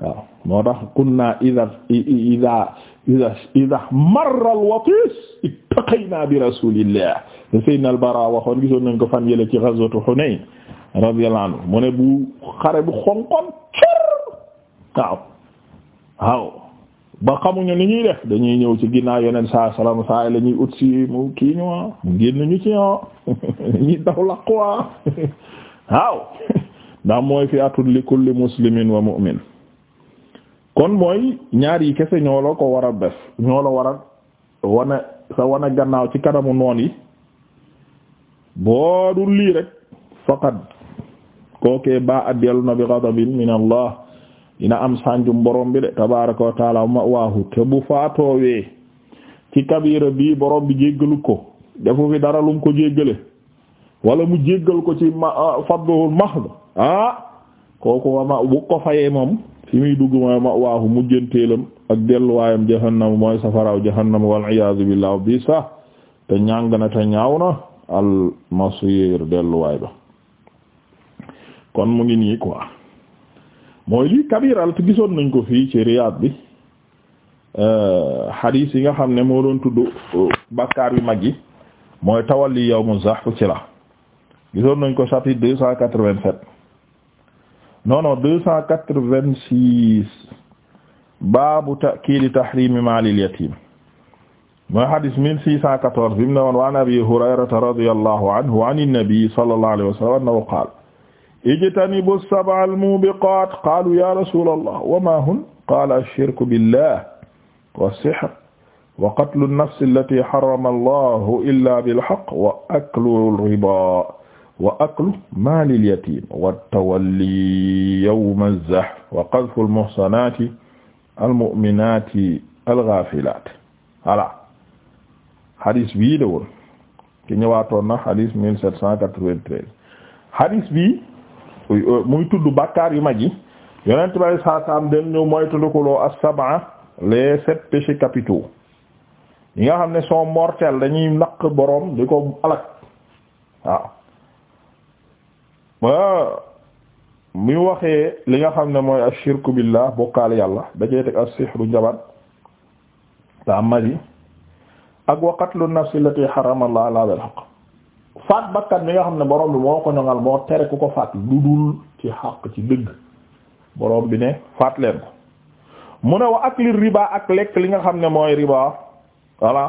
waaw moo tax kunna idha idha idha idha marra al-watis ittaqayna bi rasulillah le sayyidna al-Bara waxoon gisoon nañ ko fan yële ci ghazwatu Hunayn radiyallahu anhu mu ne bu xare bu xonqoon cër waaw waaw ba xamuñu ni ñuy def dañuy ñëw ci ginnaaw yeneen saa salaam saa la ñuy ut si mu kii ñu ah, mu génn ñu ci ah ñi daw laqwa ah, waaw ndax fi atul li kulli muslimin wa mu'min kon mooy ñaar yi kese ñoo ko war a bes ñoo la war a wana sa gannaaw ci kanamu noon yi boo dul lii rek faqad kookee ba addellu na bi ghadabin min allah dina am sanjum borom bi de tabaraka wa taala ma te bu faatoowee ci kabira bi borom bi jéggalu ko defu fi dara lum ko jéggale wala mu jéggal ko ci ma ah, fadlul mahd ah, bu ko fayee moom fi muy dugg mooy ma waahu mujjanteelam ak delluwaayam jahannam mooy safaraaw jahannam wal iyaazu billaah bi sax te ñàng na te ñaaw na al masir delluwaay ba kon mu ngi nii quoi mooy lii kabiral te gisoon nañ ko fii ci riyaad bi xadiis yi nga xam ne moo doon tudd bakkaar yu mag yi mooy tawalli yawmu zahf ci la gisoon nañ ko chapitre deux non non deux cent quatre-vingt-six baabu ta'kiili tahriimi maalil yatiim mooy hadis mille six cent quatorze bi mu ne woon wa an abi hurayrata radiyallahu anhu an innabi sallallahu alayhi wa sallam annahu qaala ijtanibu as-sab'a al-muubiqaat qaalu yaa rasuulallah wa maa hun qaala ash-shirku billaah was-sihr wa qatlu an-nafsi allatii harrama allahu illaa bil-haqq wa aklu ar-ribaa wa aklu maalil yatiim wa tawalli yawma zahf wa qadful muhsanaati almu'minaati alghaafilaat voilà hadis bii de woon ki ñëwaatoon na hadis euh, muy tudd bakkaar yu mag yi yonent bi alayhi salaatu salaam den ñu mooy tuddukuloo as-sab'a les sept péchés capitaux yi nga xam ne sont mortels dañuy naq borom di ko alak waaw. ma mi waxee li nga xam ne mooy ashirku billah bokkaale yàlla dajee teg as-sihru njabar ta mari ak wa qatlu nafsi allati harama la bil haqq faat bakkan bi nga xam ne borom bi moo ko ñoŋal moo tere ku ko faat lu dul ci xaq ci dëgg borom bi ne faat leen ko mu ne wa akli riba ak lekk li nga xam ne mooy riba voilà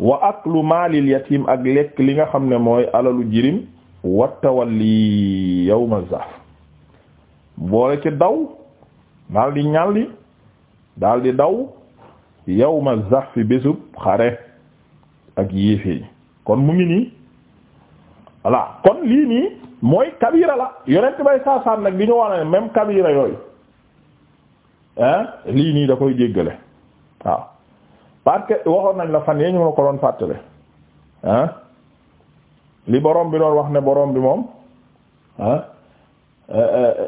wa aklu maalil yatim ak lekk li nga xam ne mooy alalu jirim wattawalli yawma zaf boole ci daw daldi di ñalli daal daw yawma zaf fi bésub xare ak yéefee kon mu ngi nii voilà kon lii nii mooy kabira la yonent bay saasaan nag di ñu wax ne même kabira yooyu hein lii nii da koy jéggale waaw parce que waxoon nañ la fan yee ñu ma ko doon fàttale hein li borom bi doon wax ne borom bi moom ah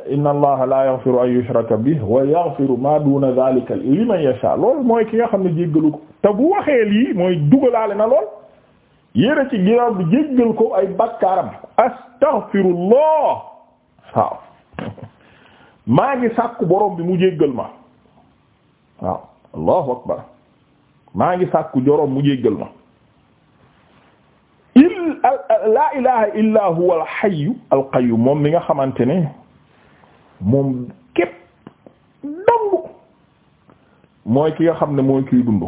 inna allaha la yaghfiru an yushraka bihi wa yaghfiru ma duna dhalika liman yasha loolu mooy ki nga xam ne jéggalu ko te bu waxee lii mooy dugalaale na lool yére ci ginnaaw bi jéggal ko ay bakkaaram astaghfirullah waaw maa ngi sàkku borom bi mu jéggal ma waaw allahu akbar maa ngi sàkku jorom mu jéggal ma il la ilaha illa huwa al hayy moom mi nga xamante ne moom képp dong mooy ki nga xam ne mooy kiy dund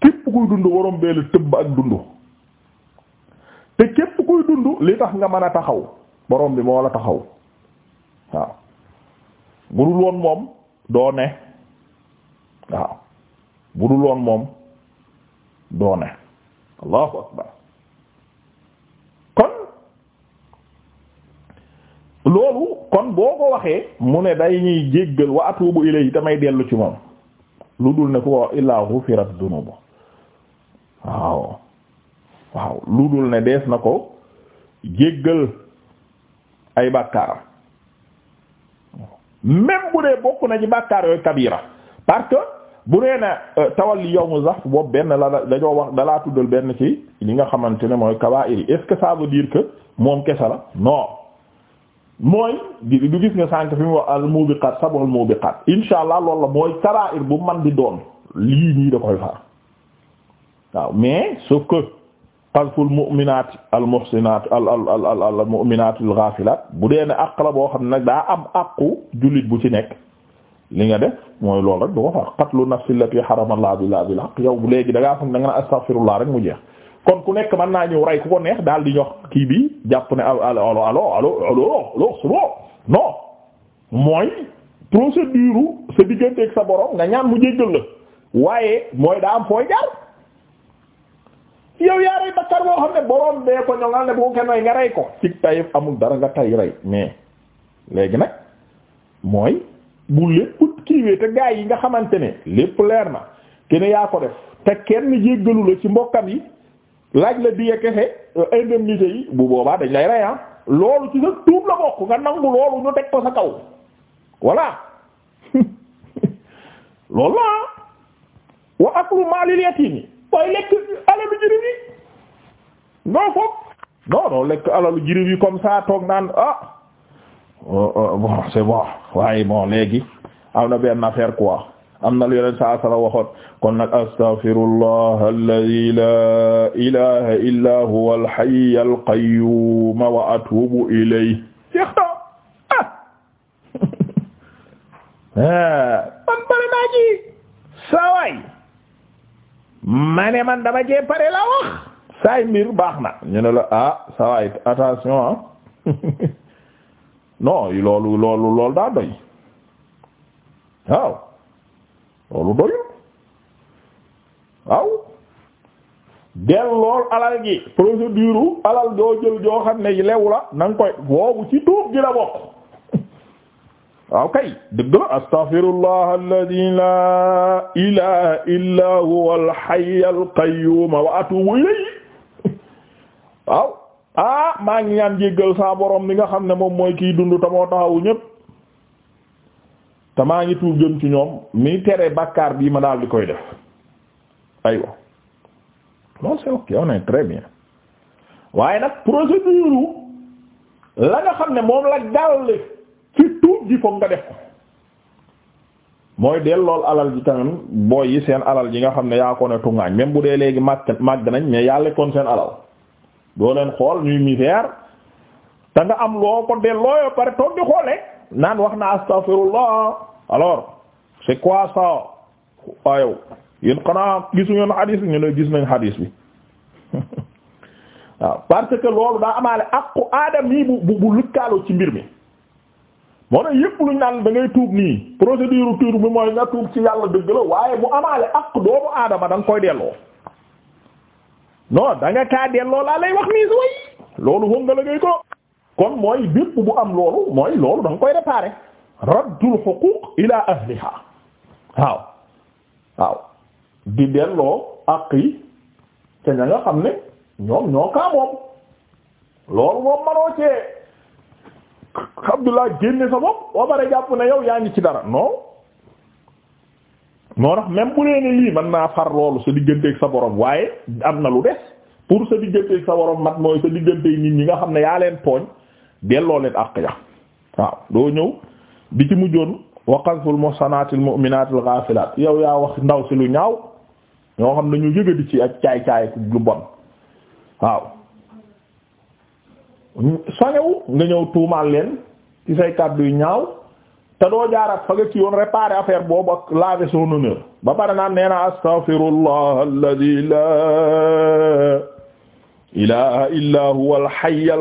képp kuy dund waroon bee la tëbb ak dund te képp kuy dund li tax nga mën a taxaw borom bi moo la taxaw waaw bu dul woon moom doo ne waaw bu dul woon moom doo ne allahu akbar kon loolu kon boo ko waxee mu ne day ñuy jéggal wa atubu ilay damay dellu ci moom lu dul ne ku ko illaa ghufirat dunubu waaw waaw lu dul ne dees na ko jéggal ay bàkkaaram même bu dee bokk na ci bàkkaar yooyu kabira parce que bu nee na euh, tawalli yawmu zahf boobu benn la dañoo wax dalaa tuddal benn ci li nga xamante ne mooy kabaa'iri est-ce moom kese la non mooy du gis nga sànk fi mu wax al mubiqat sab'ul mubiqat insha allah loolu mooy kabaa'ir bu man di doon lii nii da koy far waaw mais sauf que qazful mu'minaat al muhsinaat al al al al mu'minaat bu dee ne àq la boo xam ne nag daa am àqu jullit bu ci nekk li nga def mooy loolu rek du ko far qatlu nafsi allati harama Allah illa bil haqq yow léegi da ngaa foog da nga naan astaghfirullah rek mu jeex kon ku nekk mën naa ñëw rey ku ko neex daal di ñox kii bi jàpp ne allo allo allo allo allo suba non mooy procédure sa digganteeg sa borom nga ñaan mu jéggal la waaye mooy daa am fooy jaar yow yaa rey bakkar boo xam ne borom bee ko ñoŋal ne bu ko kenn nga rey ko. ci tayif amul dara nga tay rey mais léegi nag mooy. bu lépp kiiwee te gaa yi nga xamante ne lépp leer na kenn yaa ko def te kenn jéggalu la ci mbokkam yi laaj la diye kese euh, indemnité yi bu boobaa dañ lay rey ah. loolu ci sa tuub la bokk nga nangu loolu ñu teg ko sa kaw voilà loolu la ah. wa aklu maalil yatiimi waaye lekk alalu jirim yi non foog non lekk alalu jirim yi comme ça toog naan ah bon euh, euh, bon waaye bon léegi am na benn affaire quoi am na lu yeneen saa sala waxoon kon nag astaghfirullah alladhi la ilaha illa huwa al-hayy al-qayyum wa atubu ilayhi man ah. eh. pare naa ci saway man dama jee pare la wax saay mbir baax na ñu ah saway attention ah non loolu loolu loolu daa doy waaw loolu doyul waaw dellool alal gi procédure alal joo jël joo xam ne lew la na koy boobu ci tuub gi la bokk waaw kay dëgg la astaghfirullah alladhi la ilaha illa huwa al hayy al wa atubu ilayhi waaw ah maa ngi ñaan jéggal saa boroom li nga xam ne moom mooy kiy dund te moo taxawu ñépp te maa ngi tuub jëm ci ñoom mi tere bàkkaar bii ma daal di koy def aywa non c'est ok on est bien waaye nag procédure la nga xam ne moom la gàll ci tuub ji foog nga def ko mooy del lool alal ji tamit booy yi seen alal ji nga xam ne yaa ko ne tungaañ même bu dee léegi màgg màgg nañ mais yaa lekkoon seen alal doo leen xool ñuy misère te nga am loo ko delloo pare toog di xoolee naan wax na astaghfirullah alors c'est quoi ça waayow yéen xanaa gisu ngeen xadis bi ñu ne gis nañ xadis bi waaw parce que loolu daa amaale aqu aadam yi bu bu bu ci mbir mi moo ne yëpp luñ naan da ngay tuub nii procédure tuub bi mooy nga tuub ci yàlla dëgg la waaye bu amaale aqu doomu aadama danga koy delloo non da nga kaa delloo laa lay wax nii si loolu moom nga la ngay ko kon mooy bépp bu am loolu mooy loolu da koy réparer raddul xuquuq ila ahliha waaw waaw di delloo àq yi te ña nga xam ne ñoom ñoo kaa moom loolu moom manoo cee Abdullah génne sa bopp wa bare jàpp ne yow yaa ngi ci dara non moo tax même bu nee ne lii mën naa far loolu sa digganteeg sa borom waaye am na lu des pour sa digganteeg sa borom mat mooy sa digganteeg nit ñi nga xam ne yaa leen tooñ delloo leen àq ya waaw doo ñëw bi ci mujjoon wa qazful muhsanatil mu'minatil ghafilat yow yaa wax ndaw si lu ñaaw ñoo xam ne ñu yëga ci ak caay-caay lu bon waaw sonewu nga ñëw tuumaal leen ci say kàddu yu ñaaw te doo jaaraat fa nga ci yoon réparer affaire boobu ak laver ba pare naan nee na astaghfirullah alladhi illa huwa al-hayy al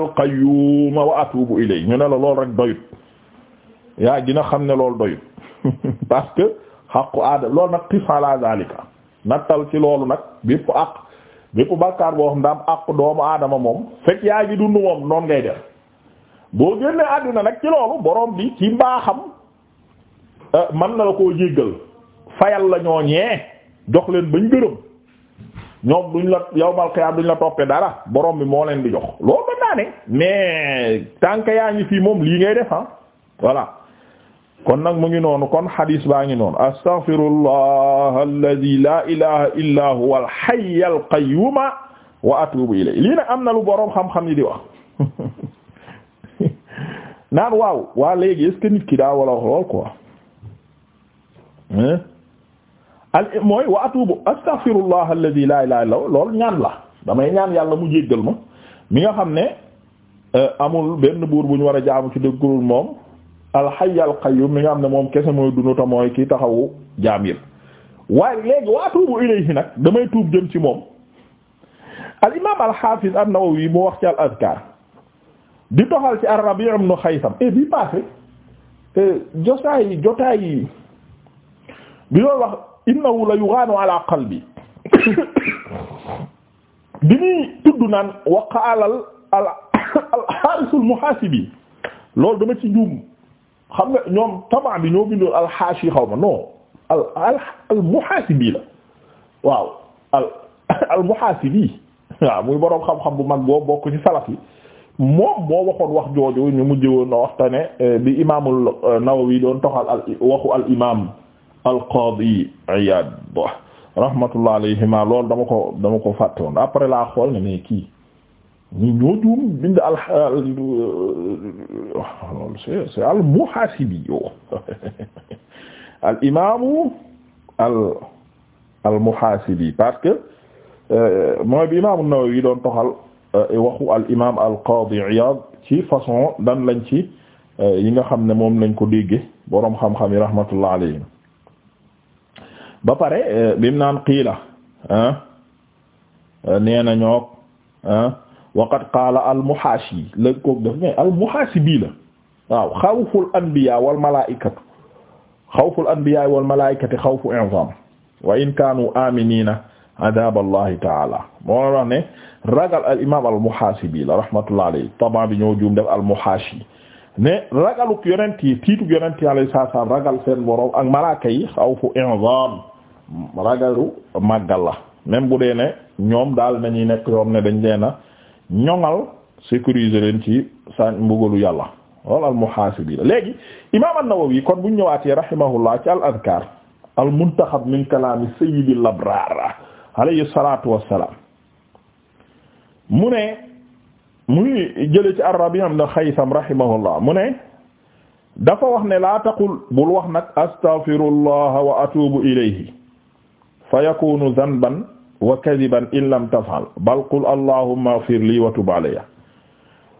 wa atubu ilayhi ñu ne la loolu rek doyut yaa gina xam ne loolu doyut parce que xaqu aada lool nag tifan la zalika nattal ci doomu aadama moom fekk yaa ngi dund moom noonu ngay def boo génnee àdduna nag ci loolu borom bi ci mbaaxam Euh, man na la koo jéggal fayal lañoo ñooñee jox leen bañ gërëm ñoom duñ la yowmal xiyaam duñ la toppee dara borom bi moo leen di jox loolu mën naa mais tànk yaa ngi fii moom lii ngay def ah voilà kon nag mu ngi noonu kon xadiis baa ngi noonu astaghfirullah alladhi la ilaha illa huwa al hayy wa atubu ilayhi lii nag am na lu borom xam-xam yi di wax naan waaw waa léegi est ki daa wala wax lool quoi al mooy wa atubu astaghfirullah alladhi la ilaha illa ñaan la damay ñaan yàlla mu jéggal ma mi nga xam ne euh, amul benn buur bu ñu war a jaamu ci dëggul moom alxay alqayyum mi nga xam ne moom kese mooy dunuta mooy ki taxawu jaam yi wa atubu ilayhi nag damay tuub jëm ci moom al imaam al xaafiz mu wax ci al di toxal ci ar-Rabi' ibn Xaysam et eh, bi passé euh, jotaay jotaay bi doon wax innahu la yughaanu ala qalbi bi al al haaris al muhaasibi loolu dama ci juum xam nga ñoom tamaa bi ñoo bindoon al haashi xaw ma non al al al muhaasibi la waaw al al muhaasibi waaw muy boroom xam-xam bu mag boo bokk ci salaf moom moo waxoon wax jooju ñu mujj woon na waxtaane eh, bi imaamul eh, Nawawi doon toxal al waxu al imaam. al-Qaadi Iyaad rahmatullah alayhima loolu dama ko dama ko fàtte woon après laa xool ne mais kii ñi ñoo juum bind al loolu c'est c'est al-Muhaasibi yoo al imaamu al al Muhaasibi parce que euh, mooy bi imaamu Nawawi doon toxal euh, waxu al imaam al Qaadi Iyaad ci façon dan lañ ci euh, yi nga xam ne moom lañ ko déggee borom xam-xam yi rahmatullah alayhim ba pare euh, bim naan qiila euh, nee na ñoog waqad qaala almuhaashi la koog daf ne almuhaashi bii la waaw xawful anbiya wal malaikatu xawful anbiya wal malaikati xawfu i'zam wa in kaanu aminina adaballahi taala moo wax ne ragal al imam almuhaashi bii la rahmatullah alayhi taban bi ñoo juum def almuhaashi ne ragaluk yonent yi tiitug yonent yi alayhi salaam ragal seen borom ak malaaka yi xaw fu inzam ragalu màggal la même bu dee ne ñoom daal nañuy nekk yoon ne dañ leen a ñoŋal sécuriser leen ci sa mbugalu yàlla wala al muhaasibi la léegi imaam an-Nawawi kon buñ ñëwaatee rahimahullah ci al adkaar al muntaxab min kalaami sayyidil abraar alayhi salaatu wassalaam mu ne mu ngi jële ci ar-Rabi' ibn Xaysam rahimahullah mu ne dafa wax ne laa taqul bul wax nag astaghfirullah wa atubu ilayhi fa yakunu dhanban wa kadiban in lam taf'al bal qul allahumma ighfir li wa tub alayya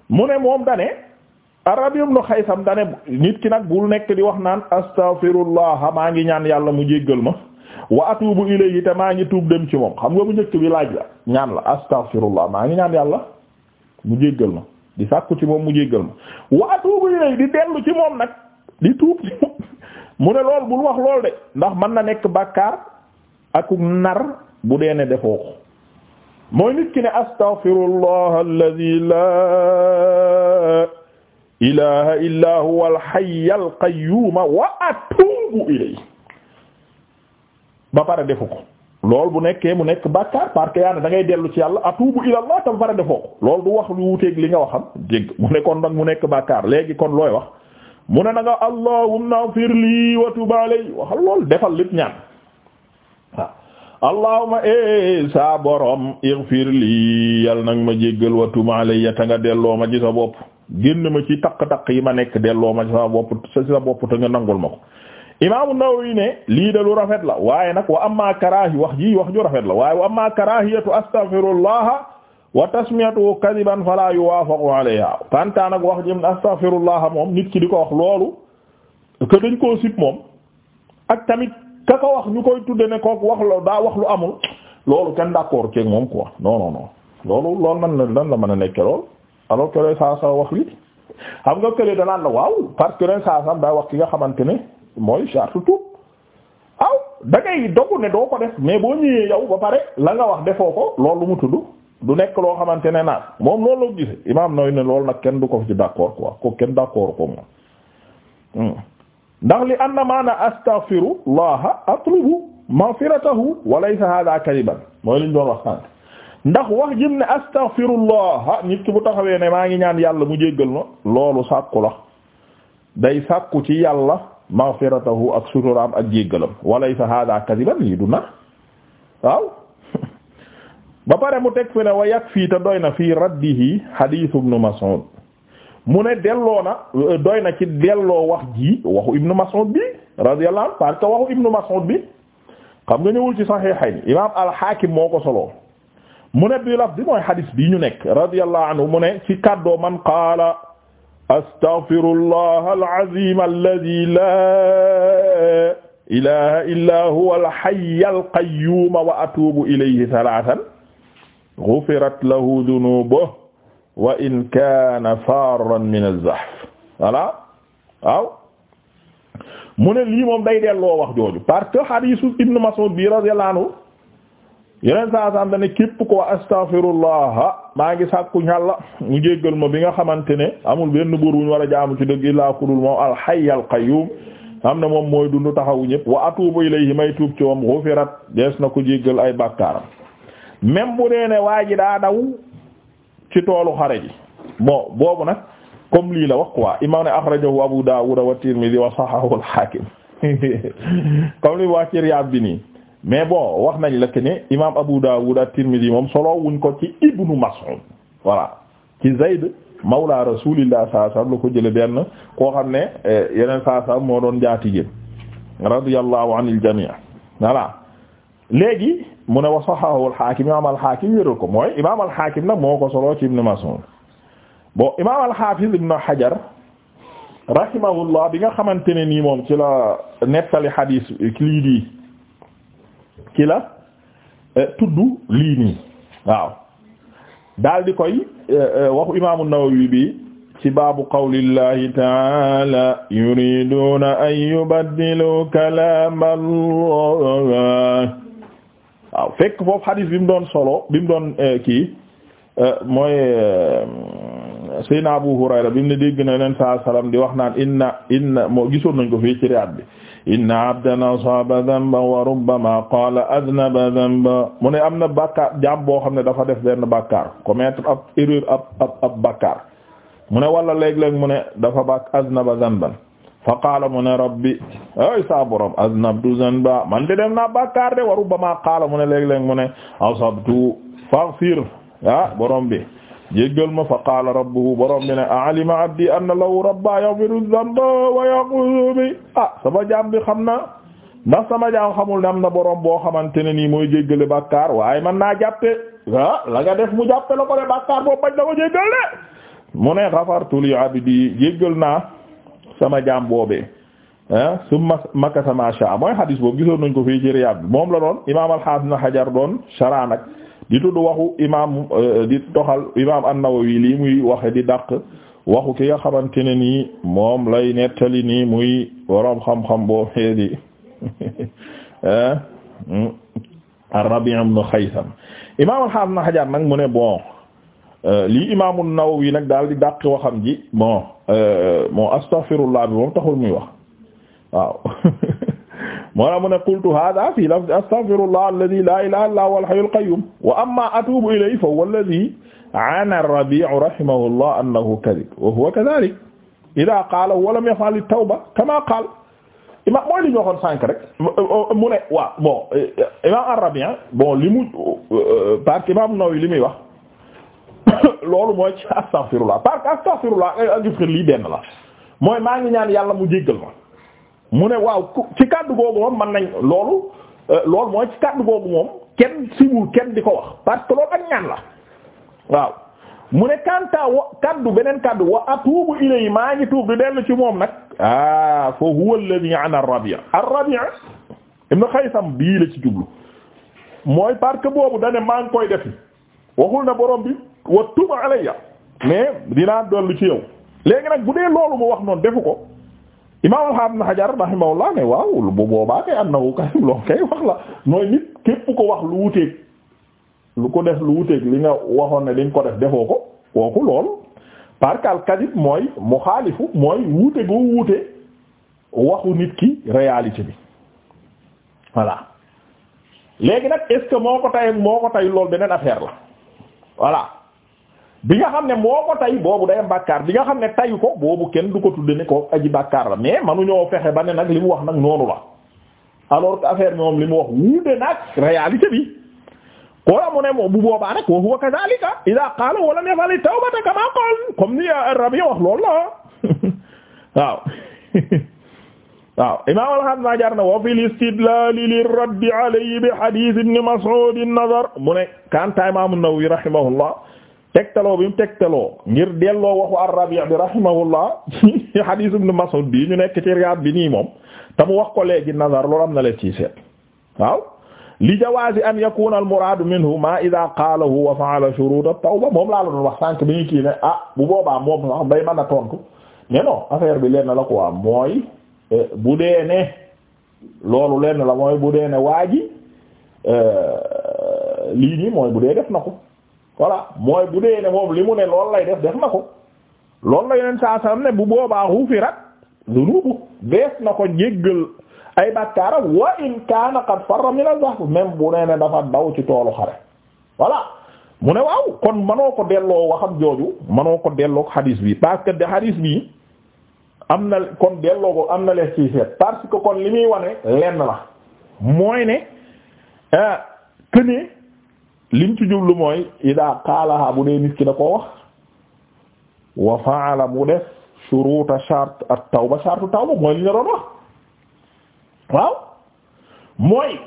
mu ne moom dane ar-Rabi' ibn Xaysam dane nit ki nag bul nekk di wax naan astaghfirullah maa ngi ñaan yàlla mu jéggal ma wa atubu ilayhi te maa ngi tuub dem ci moom xam nga mu njëkk bi laaj la ñaan la astaghfirullah maa ngi ñaan yàlla mu jéggal ma di sàkku ci moom mu jéggal ma wa atuubu ilayhi di dellu ci moom nag di tuub ci moom mu ne lool bul wax lool de ndax mën na nekk bàkkaar ak nar bu dee ne defoo ko mooy nit ki ne astaghfirullah alladhi laa ilaha huwa alhayyul qayyum wa atuubu ilayhi ba pare defu ko loolu bu nekkee mu nekk bàkkaar parce yaa ne da ngay dellu ci yàlla atubu ilallah tam fara defoo ko lool du wax lu wuuteeg li nga waxam dégg mu ne kon nag mu nekk bàkkaar léegi kon looy wax mu ne na nga allahumma ighfir lii wa tub alay waxal loolu defal lépp ñaan waaw allahumma e saa borom ighfir lii yàlla nag ma jéggal wa tub alay ya ta nga delloo ma ci sa bopp génn ma ci takk-takk yi ma nekk delloo ma ci sa bopp sa bopp te nga nangul ma ko imaamu Nawawi ne lii de lu rafet la waaye nag wa amma karaahi wax ji wax ju rafet la waaye wa amma karaahiyatu astaghfirullah wa tasmiyatu kadiban fala yuwaafaqu alayha kanta nag wax jëm astaghfirullah moom nit ki di ko wax loolu que koo sib moom ak tamit ka ko wax ñu koy tudde ne kook wax la daa wax lu amul loolu kenn d'accord ceeg moom quoi non non loolu loolu nan la nan la mën a nekke lool alors que saa wax li xam nga kële danaan la waaw ki nga xamante ne mooy charte tout aw da ngay dogu ne doo ko def mais boo ñëwee yow ba pare la nga wax defoo ko loolu mu tudd du nekk loo xamante ne naag moom loolu la gise imaam nooy ne loolu nag kenn du ko ci d'accord quoi ko kenn d'accord ko moom hmm. ndax li anna maana astaghfirullaha atlubu maghfiratahu wa laysa hadha kaliban mooy liñ doon wax sànq ndax wax jëm ne astaghfirullah nit ki bu taxawee ne maa ngi ñaan yàlla mu jéggal ma loolu sàkku la day sàkku ci yàlla maghfiratahu ak suturaam ak jéggalam walaysa hada kadiban lii du na waaw ba pare mu teg fi ne wa yakfi te doy na fii raddihi hadith ibn Mas'ud mu ne delloo na doy na ci delloo wax ji waxu ibn Mas'ud bi radiyallahu anhu parce que waxu ibn Mas'ud bi xam nga ñëwul ci sahihayn imam al-Hakim moo ko soloo mu ne bi laf bi mooy hadith bi ñu nekk radiyallahu anhu mu ne ci kàddoo man qaala astaghfirullah al-azim alladhi la ilaha illa huwa al-hayy al-qayyum wa atubu ilayhi thalathan ghufirat lahu dhunubuhu wa in kana farran min az-zahf voilà waaw mu ne lii moom day delloo wax jooju parce que hadiisu Ibn Mas'ud bi radiyallahu anhu yeneen saa saam dana képp ko astaghfirullah maa ngi sàkku ñàlla mu jéggal ma bi nga xamante ne amul benn buur bu ñu war a jaamu ci dëgg illaa kudul moom alxay alqayyum am na moom mooy dund taxawu ñëpp wa atuubu ilayhi may tuub ci moom ghufirat dees na ko jéggal ay bàkkaaram même bu dee ne waa ji daa daw ci toolu xare ji boobu nag comme lii la wax quoi imaam ne akhrajahu abu daawud wa tirmidhi wa sahahu al hakim comme li wax ci riyaab bi nii mais bon wax nañ la ni ne imaam Abu Dawud at-Tirmidhi moom solo wuñ ko ci Ibnu Mas'ud voilà ci Zayd mawla Rasulillah sallallahu alayhi la ko jële benn koo xam ne eh, yeneen saa saa moo doon jaati jaatigéen radiyallahu anil jami' voilà léegi mu ne wa sahahu al-Hakim imaam al ko mooy imaam al-Hakim nag moo ko solo ci Ibnu Mas'ud bon imaam al-Hafiz Ibnu Hajar rahimahullah bi nga xamante ne nii moom ci la nettali hadis lii ci la eh, tudd lii nii waaw daal di koy eh, eh, waxu imaamu Nawawi bi ci baabu qawlillahi taala yuriduna an yubaddilu Allah waaw fekk foofu xadiis bi mu doon solo bi doon kii mooy Seydina Abu Hurayra bi mu ne dégg na leen saa salaam di wax naan inna inna moo gisoon nañ ko fii ci riyaat bi inna abdan asaba dhanba wa rubbama qala adnaba dhanba mu ne am na bàkkaar jaam boo xam ne dafa def benn bàkkaar commettre ab erreur ab ab ab bàkkaar mu ne wala léeg-léeg mu ne dafa bak adnaba dhanban fa qaala mu ne rabbi ay saa borom aznabtu zanba man de dem naa bàkkaar de wa rubbama qaala mu ne léeg-léeg mu ne asabtu faghfir ah borom bi jéggal ma fa qaala rabbuhu borom bi ne alima abdi anna lahu rabba yaghfiru dhanba wa yaquzu bi ah, sama jaam bi xam na ndax sama jaam xamul ne am na borom boo xamante ne nii mooy jéggale bàkkaar waaye man naa jàppe ah nga def mu jàppe la ko de bàkkaar boobu bañ na ko mu ne xafartu li abdi jéggal naa sama jaam boobee ah summa makasa ma sha mooy hadis boobu gisoon nañ ko fii ci Riyaad moom la doon imaam al-Haafiz Hajar doon shara di tudd waxu imaam euh, di toxal imaam an-Nawawi lii muy waxe di dàq waxu ki nga xamante ne nii moom lay nettali nii muy boroom xam-xam boo xee di hmm? ar-Rabi' ibn Khaytham imaam al-Hafiz nag mu ne bon euh, lii imaam an-Nawawi nag daal di dàq waxam ji bon euh, bon astaghfirullah bi moom taxul muy wax waaw moo la mu ne qultu hada fi lafzi astaghfirullah alladhi la ilaha illa huwa al-hayyul qayyum wa amma atubu ilayhi fa huwa alladhi ana ar-rabi'u rahimahullah annahu kadhib wa huwa kadhalik idha qala wa lam yaf'al at-tawba kama qala imam mooy li ñu waxoon sànq rek mu ne waaw bon imam ar-rabi' bon li mu parce que imam Nawawi li muy wax loolu mooy ci astaghfirullah parce que astaghfirullah ak ifir lii benn la mooy maa ngi ñaan yàlla mu jéggal ma mu ne waaw ci kàddu googu moom man nañ loolu euh, loolu mooy ci kàddu googu moom kenn siwul kenn di ko wax parce que loolu ak ñaan la waaw mu ne kanta wa kaddu beneen kaddu wa atuubu yi maa ngi tuub di dellu ci moom nag ah fa huwa alladhi an ar-Rabi' ar-Rabi' ibn Khaysam bii la ci jublu mooy parce que boobu dane maa ngi koy defi waxul na borom bi wa tuba alayya mais dinaa dollu ci yow léegi nag bu dee loolu mu wax noonu defu ko imaam Ibn Hajar rahimahullah ne waaw bu boobaa kay annahu kay loolu kay wax la mooy nit képp ko wax lu wuteeg lu ko def lu wuteeg li nga waxoon ne dañ ko def defoo ko kooku loolu parce que al kadib mooy mooy wuute goo wuute waxu nit ki réalité bi voilà léegi nag est ce que moo ko tay moo ko tay lool beneen affaire la voilà bi nga xam ne moo ko tay boobu day bàkkaar bi nga xam ne tayu ko boobu kenn du ko tudde ne ko aji bàkkaar la mais manuñoo fexe ba ne nag li mu wax nag noonu la alors que affaire bi moom li mu wax wuute nag réalité bi koola mu ne moom bu boobaa nag wa huwa kadhalika ida qaala wala nefali tawbata kama qaal comme ni Rabi wax loolu la waaw waaw na jar na wa fi l istidlali lirraddi alayhi bi hadith ibn Mas'ud mu ne kanta imam an-Nawawi talo bi mu tegtaloo ngir delloo wax ar-Rabi' bi rahimahullah ci hadith ibn Mas'ud bi ñu nekk ci Riyad bi nii moom te mu wax ko léegi nazar loolu am na leen ciy seet waaw li jawaazi an yakuna al minhu ma idha qaalahu wa fa'ala shurut at moom laa la wax sànq bi ñu kii ne ah bu boobaa moom sax day mën tontu mais non affaire bi lenn la quoi mooy eh, bu dee loolu lenn la mooy bu dee ne waa ji eh, mooy bu dee def na voilà mooy bu dee ne moom li mu ne loolu lay def def na ko loolu la yeneen saa salam ne bu boobaa xufirat dunubu dees na ko jéggal ay bàkkaaram wa in kaana qad farra min al bu nee ne dafa daw ci toolu xare voilà mu ne waaw kon manoo ko delloo waxam jooju manoo ko delloo xadiis bi parce que de xadiis bi am na kon delloo ko am na lees ci parce que kon li muy wane lenn la mooy ne euh, que lim ci jublu mooy ida qaalaha bu dee nit ki da koo wax wa faala mu def shuruta shart at tawba shartu tawba mooy li nga doon wax waaw mooy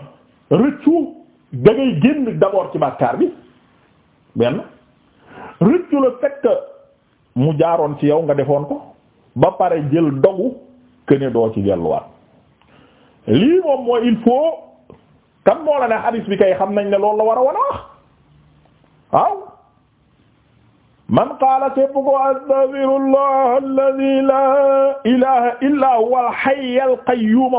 rëccu da génn d'abord ci bàkkaar bi benn rëccu la fekk mu jaaroon ci yow nga defoon ko ba pare jël dogu këne doo ci delluwaat lii moom mooy il faut kan moo la ne hadis bi kay xam nañ ne loolu la war a wan a wax waaw man qaala képp ko astaghfirullah alladhi la ilaha illa huwa al-hayy al-qayyum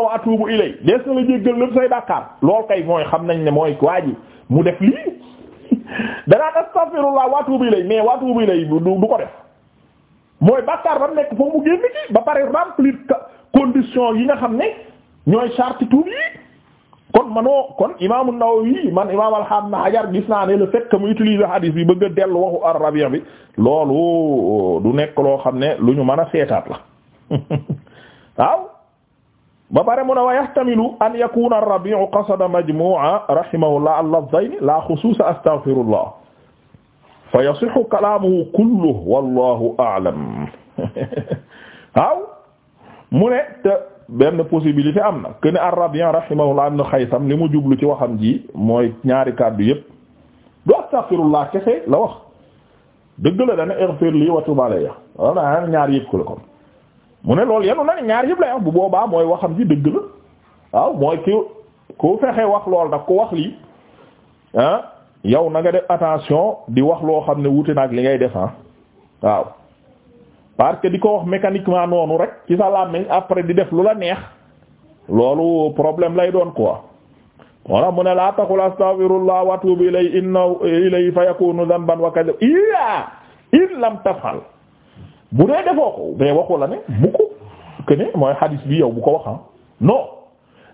ilay des na la jéggal lépp say bàkkaar lool kay mooy xam nañ ne mooy waa ji mu def lii danaan astaghfirullah wa atubu ilay mais wa atubu ilay du ko def mooy bàkkaar ba mu nekk foofu mu génn ci ba pare remplir condition yi nga xam ne ñooy charte tuub yi kon manoo kon imaamu Nawawi imaam alxam na Hajar gis naa ne le fait que mu utiliser hadis bi bëgg a dellu waxu ar bi loolu du nekk loo xam ne lu ñu mën a seetaat la waaw ba pare mu ne wa yahtamilu an yakuna ar-Rabi' qasada majmu'a rahimahullah al-lafzayn la khususa astaghfirullah fa yasihhu kalamuhu kulluhu wallahu a'lam waaw mu ne benn possibilité am na que ne ar-Rabi' rahimahullah ibn Xaysam li mu jublu ci waxam ji mooy ñaari kàddu yépp du astaghfirullah kese la wax dëgg la dana ighfir li wa tub alayya wala naa ñaar yépp la kon ne loolu yenu na ne ñaar yépp lay wax bu boobaa mooy waxam ji dëgg la waaw mooy ki ku fexe wax lool nag ku wax lii ah yow na nga def attention di wax loo xam ne wuute na li ngay def ah. waaw parce que di ko wax mécaniquement noonu rek ci sa làmmiñ après di def lu la neex loolu problème lay doon quoi wala mu ne laa taqul astaghfirullah wa atubu ilay inna ilay fa yakunu dhanban wa kadha illa in lam tafal bu dee defoo ko mais waxu ne bu ko mooy xadis bi yow bu ko wax non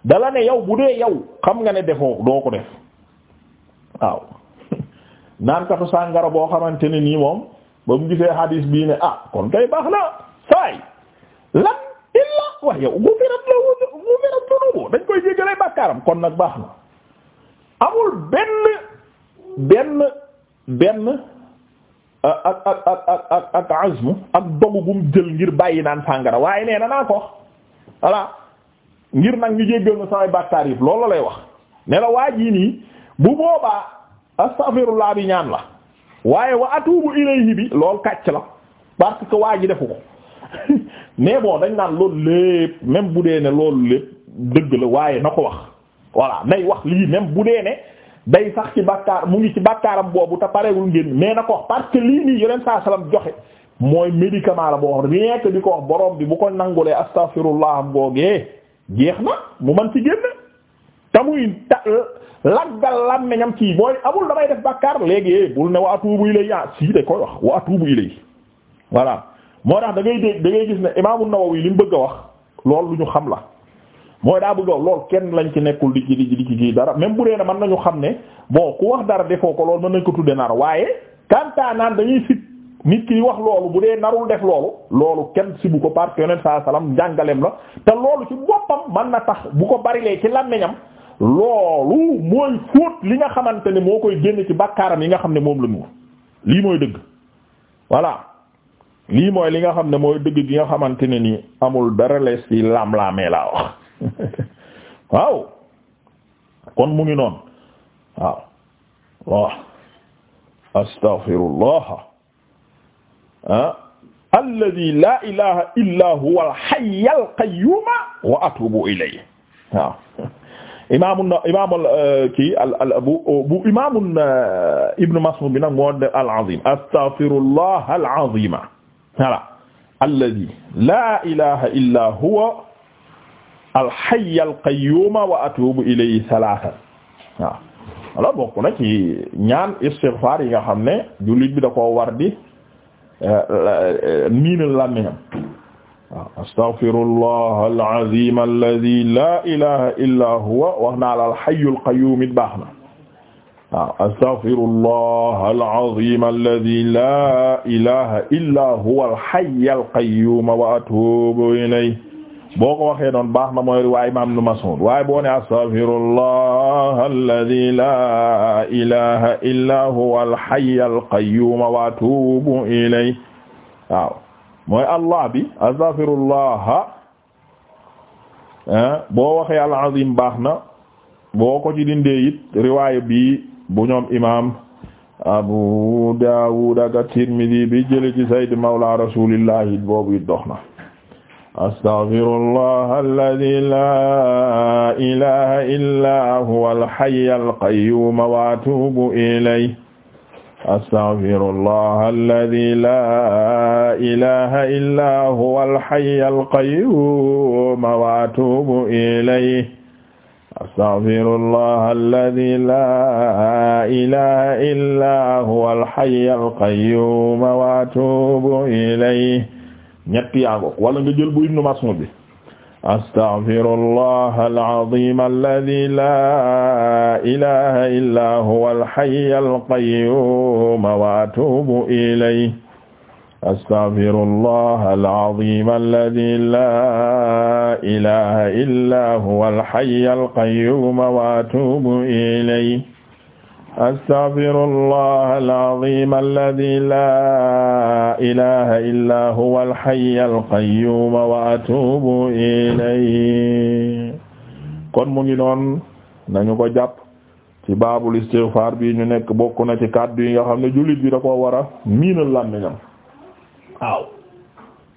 dala ne yow bu dee yow xam nga ne defoo doo ko def waaw naan sàngara boo xamante ne nii moom ba mu gisee hadis bii ne ah kon kay baax na saay lan illa wax yow gufirat la gufirat tunubu dañ koy jéggalay bàkkaaram kon nag baax na amul benn benn benn ak ak ak ak ak ak azmu ak dogu gum jël ngir bàyyi naan sàngara waaye nee na naa ko voilà ngir nag ñu jéggal na samay bàkkaar yi loolu lay wax ne la jii nii bu boobaa astaghfirullah bi ñaan la waaye wa atubu ilayhi bi lool kàcc la parce que waa ji defu ko mais bon dañ naan loolu lépp même bu dee ne loolu lépp dëgg la waaye na ko wax voilà nay wax lii même bu dee ne day sax ci bàkkaar mu ngi ci bàkkaaram boobu te pareegul ngeen mais na ko wax parce que lii nii yeneen saa salaam joxe mooy médicament la boo xam rien que ko wax borom bi bu ko nangulee astaghfirullah am googee jeex na mu man ci génn te muy ta laggal làmmiñam ci booy amul damay def bàkkaar léegi eh, bul ne wa atuubu ilay ah sii de koy wax wa atuubu ilay voilà moo tax da ngay dégg da ngay gis ne imaamu Nawawi li mu bëgg a wax lool lu ñu xam la mooy daa bëgg a wax loolu kenn lañ ci nekkul di ci di ci ci dara même bu dee ne mën nañu xam ne bon ku wax dara defoo ko loolu mën nañ ko tudde nar waaye kantaa naan dañuy sit nit ki wax loolu bu dee narul def loolu loolu kenn si bu ko parce que yonent saa salaam njàngaleem la te loolu ci boppam mën na tax bu ko bari barilee ci làmmiñam loolu mooy fóot li nga xamante ne moo koy génn ci bàkkaaram yi nga xam ne moom la muur lii mooy dëgg voilà lii mooy li nga xam ne mooy dëgg gi nga xamante ne ni amul dara lees ci laam laamee laa waaw kon mu ngi noon waaw waaw astaghfirullah ah. alladi la ilaha illa huwa al hayy al qayyum wa imaamu na imaamu euh, kii al al bu bu imaamu euh, Ibn Mas'ud bi nag moo def al-azim astaghfirullah al-azima voilà alladhi la ilaha illa huwa al-hayy al-qayyum wa atubu ilayhi thalathan waaw wala bokk na ci ñaan istighfar yi nga xam ne jullit bi da koo war di euh, miinal làmmiñam astaghfirullah al-azim alladhi la ilaha illa huwa wax naa la al-hayyul qayyum it baax na waaw astaghfirullah al-azim alladhi la ilaha illa huwa al-hayyul qayyum wa atubu ilayhi boo ko waxee noonu baax na mooy riwaaya Imaam Ibn Mas'ud waaye boo ne astaghfirullah alladhi la ilaha illa huwa al-hayyul qayyum wa atubu ilayhi waaw mooy allah bi astaghfirullah boo waxee al azim baax na boo ko ci dindee it riwaaya bi bu ñoom imam abu daawud ak tirmidi bi jële ci sayyid mawla rasulillah it boobu it dox na astaghfirullah alladhi la ilaha illa huwa al hayy al qayyum wa atubu ilayhi astaghfirullah alladhi la ilaha illa huwa alhayyul qayyum wa atubu ilayhi astaghfirullah alladhi la ilaha illa huwa alhayyul qayyum wa atubu ilayhi ñett yaa ko wala nga jël bu Ibnu Mas'ud bi astaghfirullah al-azim alladhi la ilaha illa huwa al-hayy al-qayyum wa atubu ilayhi astaghfirullah al-azim alladhi la ilaha illa huwa al-hayy al-qayyum wa atubu ilayhi astaghfirullah al-azim alladhi la ilaha illa huwa al-hayy al-qayyum wa atubu kon mu ngi noon nañu ko jàpp ci baabul istighfar bi ñu nekk bokk na ci kàddu yi nga xam ne jullit bi da ko war a miinal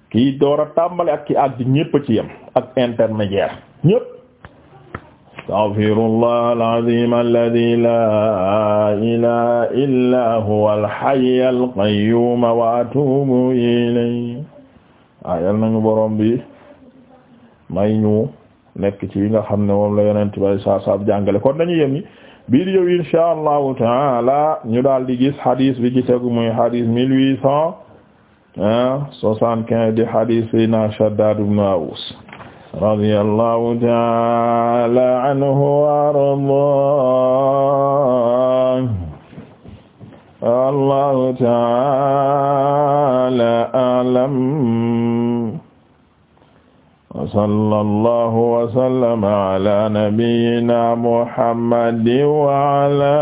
kii door a tàmbali ak ki àgg ñépp ci yem ak intermédiaire ñépp astaghfirullah al-azim alladhi la ilaha illa huwa al-hayy al-qayyum wa atubu ilayhi ayal nañu borom bi may ñu nekk ci yi nga xam ne moom la yonent bay saa saab jàngale kon dañu yem ni bii di yow insha allahu taala ñu daal di gis hadis bi ci tegu muy hadis mille huit cent soixante-quinze di hadis Seydina Shaddad ibn Aws radiyallahu ta'ala anhu wa ardaah allahu ta'ala a'lam wa sallallahu wa sallama ala nabiyyina muhammadin wa ala